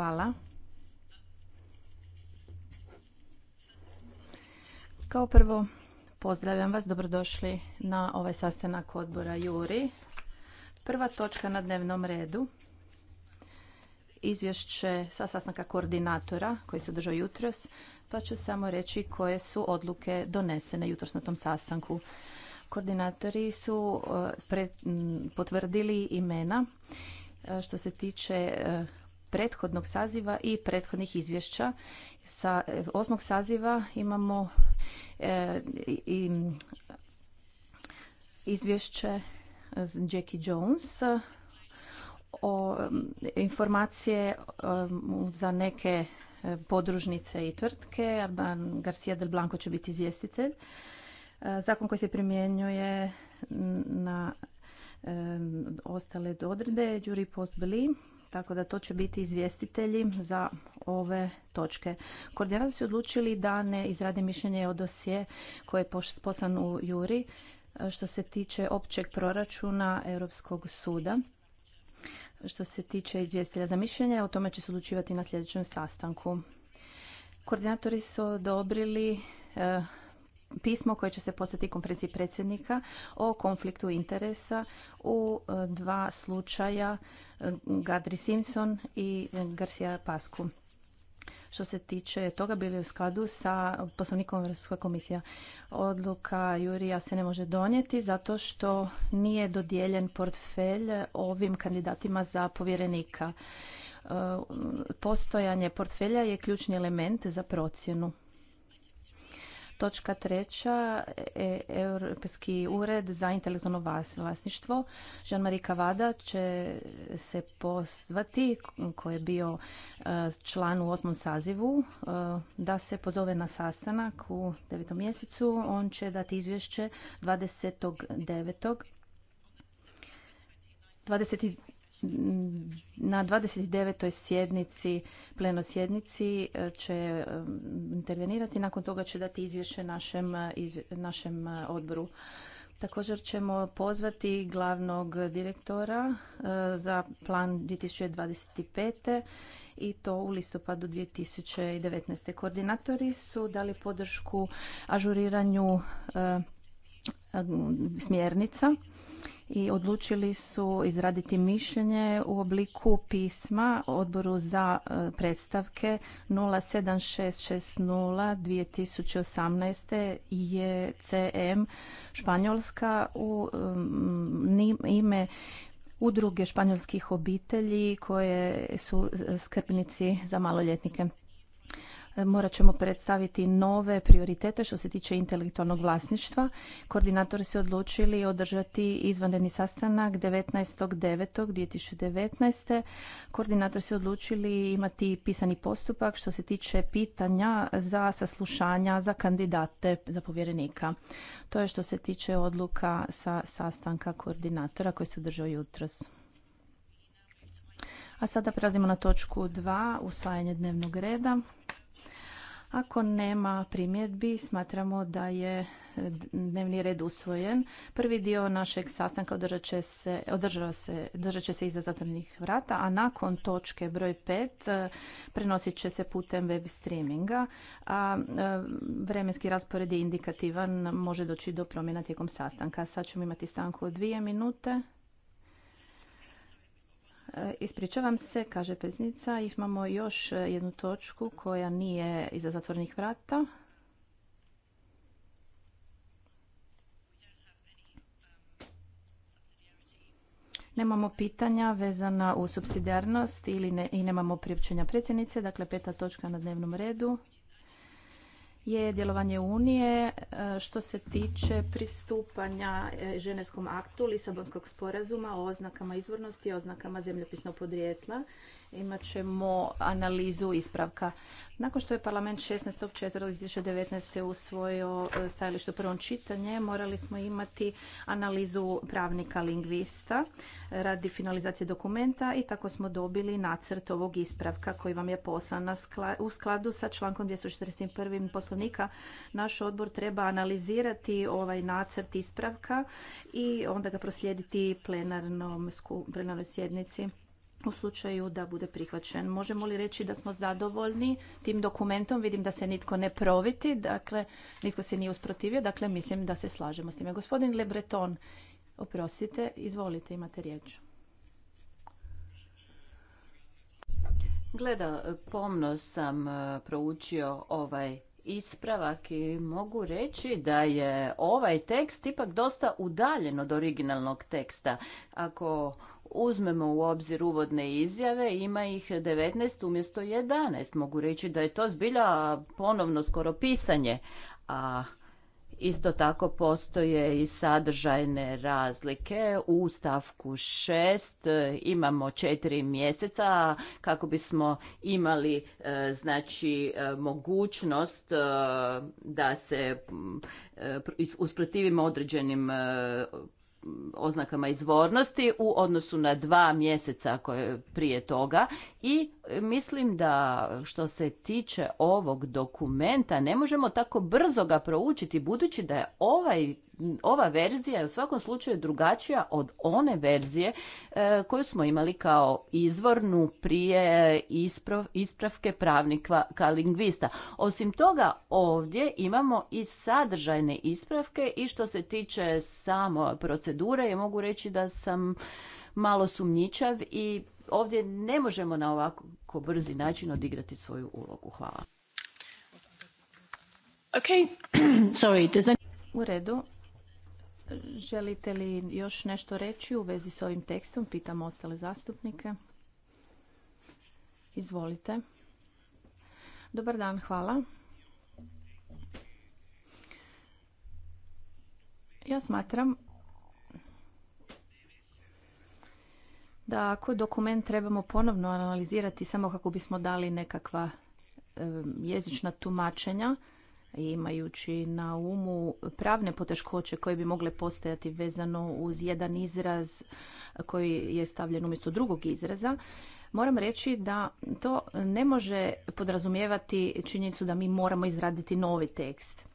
Hvala. Kao prvo, pozdravljam vas, dobrodošli na ovaj sastanak odbora Juri. Prva točka na dnevnom redu, izvješće sa sastanka koordinatora koji se održao jutros, pa ću samo reći koje su odluke donesene jutros na tom sastanku. Koordinatori su e, potvrdili imena e, što se tiče e, prethodnog saziva i prethodnih izvješća. Sa e, osmog saziva imamo e, izvješće Jackie Jones o informacije za neke e, podružnice i tvrtke. Arban Garcia del Blanco će biti izvjestitelj. Zakon koji se primjenjuje na ostale odredbe, post Postbeli, tako da to će biti izvjestitelji za ove točke. Koordinatori su odlučili da ne izrade mišljenje o dosje koje je poslan u Juri e, što se tiče općeg proračuna Europskog suda. Što se tiče izvjestitelja za mišljenje, o tome će se odlučivati na sljedećem sastanku. Koordinatori su odobrili e, pismo koje će se poslati konferenciji predsjednika o konfliktu interesa u e, dva slučaja e, Gadri Simpson i Garcia Pasku. Što se tiče toga, bili u skladu sa poslovnikom Vrstva komisija. Odluka Jurija se ne može donijeti zato što nije dodijeljen portfelj ovim kandidatima za povjerenika. E, postojanje portfelja je ključni element za procjenu. Točka treća, e, Europski ured za intelektualno vlasništvo. Jean-Marie Cavada će se pozvati, koji je bio e, član u osmom sazivu, e, da se pozove na sastanak u devetom mjesecu. On će dati izvješće 29. 29 na 29. sjednici, sjednici e, će e, intervenirati, nakon toga će dati izvješće našem, e, našem odboru. Također ćemo pozvati glavnog direktora za plan 2025. i to u listopadu 2019. Koordinatori su dali podršku ažuriranju smjernica i odlučili su izraditi mišljenje u obliku pisma odboru za e, predstavke 07.6.6.0.2018 2018. je CM Španjolska u mm, ime udruge španjolskih obitelji koje su e, skrbnici za maloljetnike morat ćemo predstaviti nove prioritete što se tiče intelektualnog vlasništva. Koordinatori su odlučili održati izvanredni sastanak 19.9.2019. Koordinatori su odlučili imati pisani postupak što se tiče pitanja za saslušanja za kandidate za povjerenika. To je što se tiče odluka sa sastanka koordinatora koji se održao jutros. A sada prelazimo na točku 2, usvajanje dnevnog reda. Ako nema primjedbi, smatramo da je dnevni red usvojen. Prvi dio našeg sastanka održat će se, se, će se iza zatvorenih vrata, a nakon točke broj 5 e, prenosit će se putem web streaminga. A e, vremenski raspored je indikativan, može doći do promjena tijekom sastanka. Sad ćemo imati stanku od dvije minute. E, ispričavam se, kaže Peznica, imamo još e, jednu točku koja nije iza zatvornih vrata. Nemamo pitanja vezana u subsidijarnost ili i nemamo priopćenja predsjednice, dakle peta točka na dnevnom redu je djelovanje Unije e, što se tiče pristupanja e, ženevskom aktu Lisabonskog sporazuma o oznakama izvornosti i oznakama zemljopisnog podrijetla. Imat ćemo analizu ispravka. Nakon što je parlament 16.4.2019. usvojio e, stajalište u prvom čitanje, morali smo imati analizu pravnika lingvista radi finalizacije dokumenta i tako smo dobili nacrt ovog ispravka koji vam je poslan u skladu sa člankom 241 poslovnika naš odbor treba analizirati ovaj nacrt ispravka i onda ga proslijediti plenarnom, plenarnoj sjednici u slučaju da bude prihvaćen. Možemo li reći da smo zadovoljni tim dokumentom? Vidim da se nitko ne proviti, dakle, nitko se nije usprotivio, dakle, mislim da se slažemo s time. Gospodin Lebreton, oprostite, izvolite, imate riječ. Gleda, pomno sam e, proučio ovaj ispravak i mogu reći da je ovaj tekst ipak dosta udaljen od originalnog teksta. Ako uzmemo u obzir uvodne izjave, ima ih 19 umjesto 11. Mogu reći da je to zbilja ponovno skoro pisanje. A Isto tako postoje i sadržajne razlike. U stavku 6 e, imamo četiri mjeseca kako bismo imali e, znači e, mogućnost da se usprotivimo određenim oznakama izvornosti u odnosu na dva mjeseca koje prije toga i mislim da što se tiče ovog dokumenta ne možemo tako brzo ga proučiti budući da je ovaj ova verzija u svakom slučaju drugačija od one verzije e, koju smo imali kao izvornu prije ispravke pravnika ka lingvista. Osim toga ovdje imamo i sadržajne ispravke i što se tiče samo procedure ja mogu reći da sam malo sumnjičav i ovdje ne možemo na ovako brzi način odigrati svoju ulogu. Hvala. Okay. Sorry, U redu. Želite li još nešto reći u vezi s ovim tekstom? Pitam ostale zastupnike. Izvolite. Dobar dan, hvala. Ja smatram da ako dokument trebamo ponovno analizirati samo kako bismo dali nekakva jezična tumačenja, imajući na umu pravne poteškoće koje bi mogle postojati vezano uz jedan izraz koji je stavljen umjesto drugog izraza, moram reći da to ne može podrazumijevati činjenicu da mi moramo izraditi novi tekst.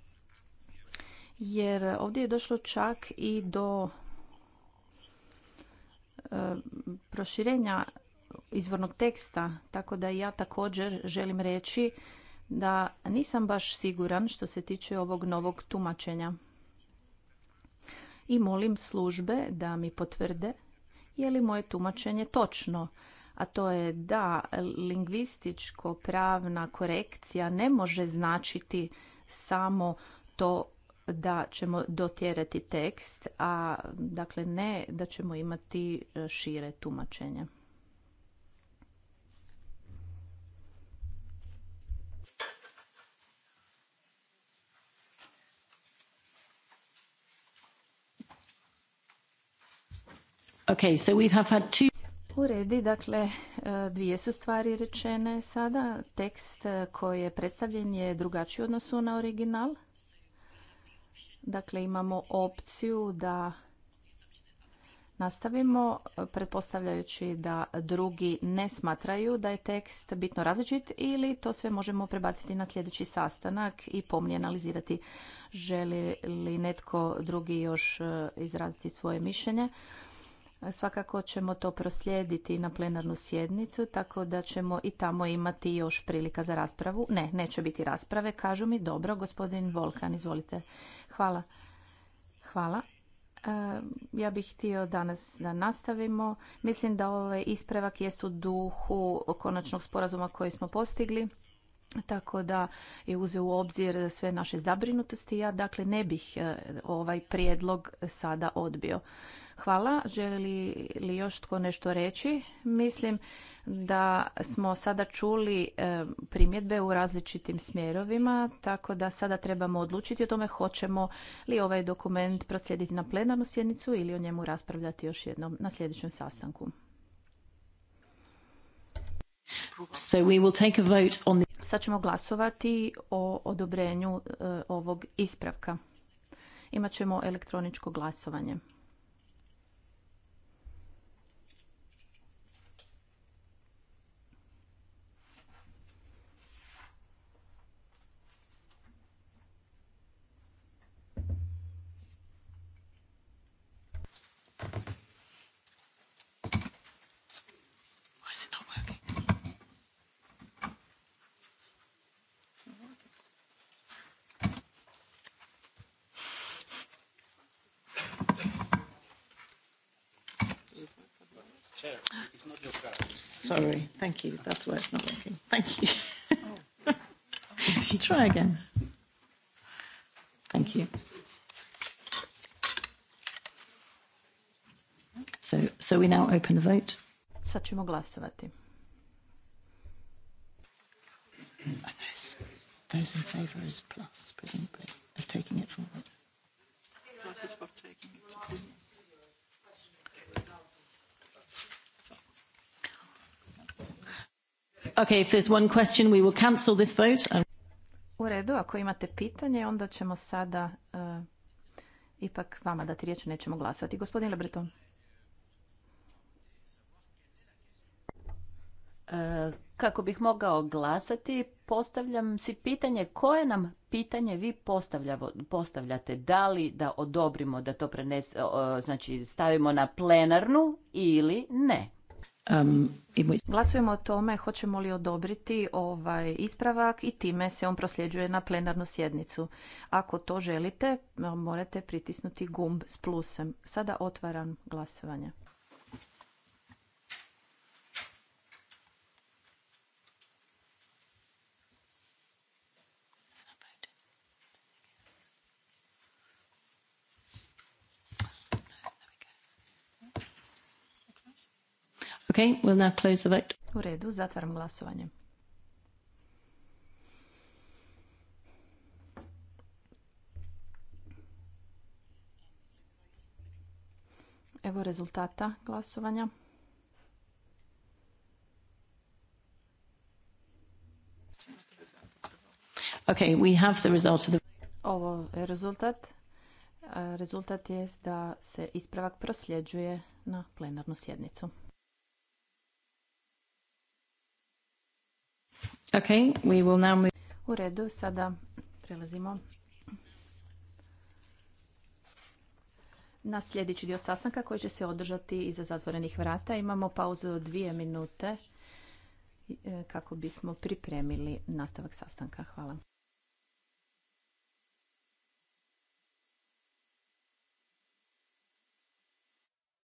Jer ovdje je došlo čak i do E, proširenja izvornog teksta, tako da ja također želim reći da nisam baš siguran što se tiče ovog novog tumačenja. I molim službe da mi potvrde je li moje tumačenje točno, a to je da lingvističko pravna korekcija ne može značiti samo to da ćemo dotjerati tekst, a dakle ne da ćemo imati e, šire tumačenje. Okay, so had two... U redi, dakle, e, dvije su stvari rečene sada. Tekst e, koji je predstavljen je drugačiji odnosu na original. Dakle, imamo opciju da nastavimo, pretpostavljajući da drugi ne smatraju da je tekst bitno različit ili to sve možemo prebaciti na sljedeći sastanak i pomnije analizirati želi li netko drugi još eh, izraziti svoje mišljenje. Svakako ćemo to proslijediti na plenarnu sjednicu, tako da ćemo i tamo imati još prilika za raspravu. Ne, neće biti rasprave, kažu mi. Dobro, gospodin Volkan, izvolite. Hvala. Hvala. E, ja bih htio danas da nastavimo. Mislim da ovaj ispravak jest u duhu konačnog sporazuma koji smo postigli tako da je uzeo u obzir sve naše zabrinutosti. Ja dakle ne bih e, ovaj prijedlog sada odbio. Hvala. Želi li još tko nešto reći? Mislim da smo sada čuli e, primjedbe u različitim smjerovima, tako da sada trebamo odlučiti o tome hoćemo li ovaj dokument proslijediti na plenarnu sjednicu ili o njemu raspravljati još jednom na sljedećem sastanku. So we will take a vote on Sad ćemo glasovati o odobrenju e, ovog ispravka. Imaćemo elektroničko glasovanje. It's not your Sorry, thank you. That's why it's not working. Thank you. Try again. Thank you. So, so we now open the vote. Sad ćemo glasovati. Those, those in favour is plus, presumably, of taking it forward. Plus is for taking it. Okay, if there's one question, we will cancel this vote. U redu, ako imate pitanje, onda ćemo sada e, ipak vama dati riječ, nećemo glasovati. Gospodin Lebreton. E, kako bih mogao glasati, postavljam si pitanje koje nam pitanje vi postavljate. Da li da odobrimo da to znači stavimo na plenarnu ili ne? Glasujemo o tome hoćemo li odobriti ovaj ispravak i time se on prosljeđuje na plenarnu sjednicu. Ako to želite, morate pritisnuti gumb s plusem. Sada otvaram glasovanje. Okay, we'll now close the vote. U redu, zatvaram glasovanje. Evo rezultata glasovanja. Okay, we have the result of the... Ovo je rezultat. E, rezultat je da se ispravak prosljeđuje na plenarnu sjednicu. Okay, we will now move... U redu, sada prelazimo na sljedeći dio sastanka koji će se održati iza zatvorenih vrata. Imamo pauzu od dvije minute e, kako bismo pripremili nastavak sastanka. Hvala.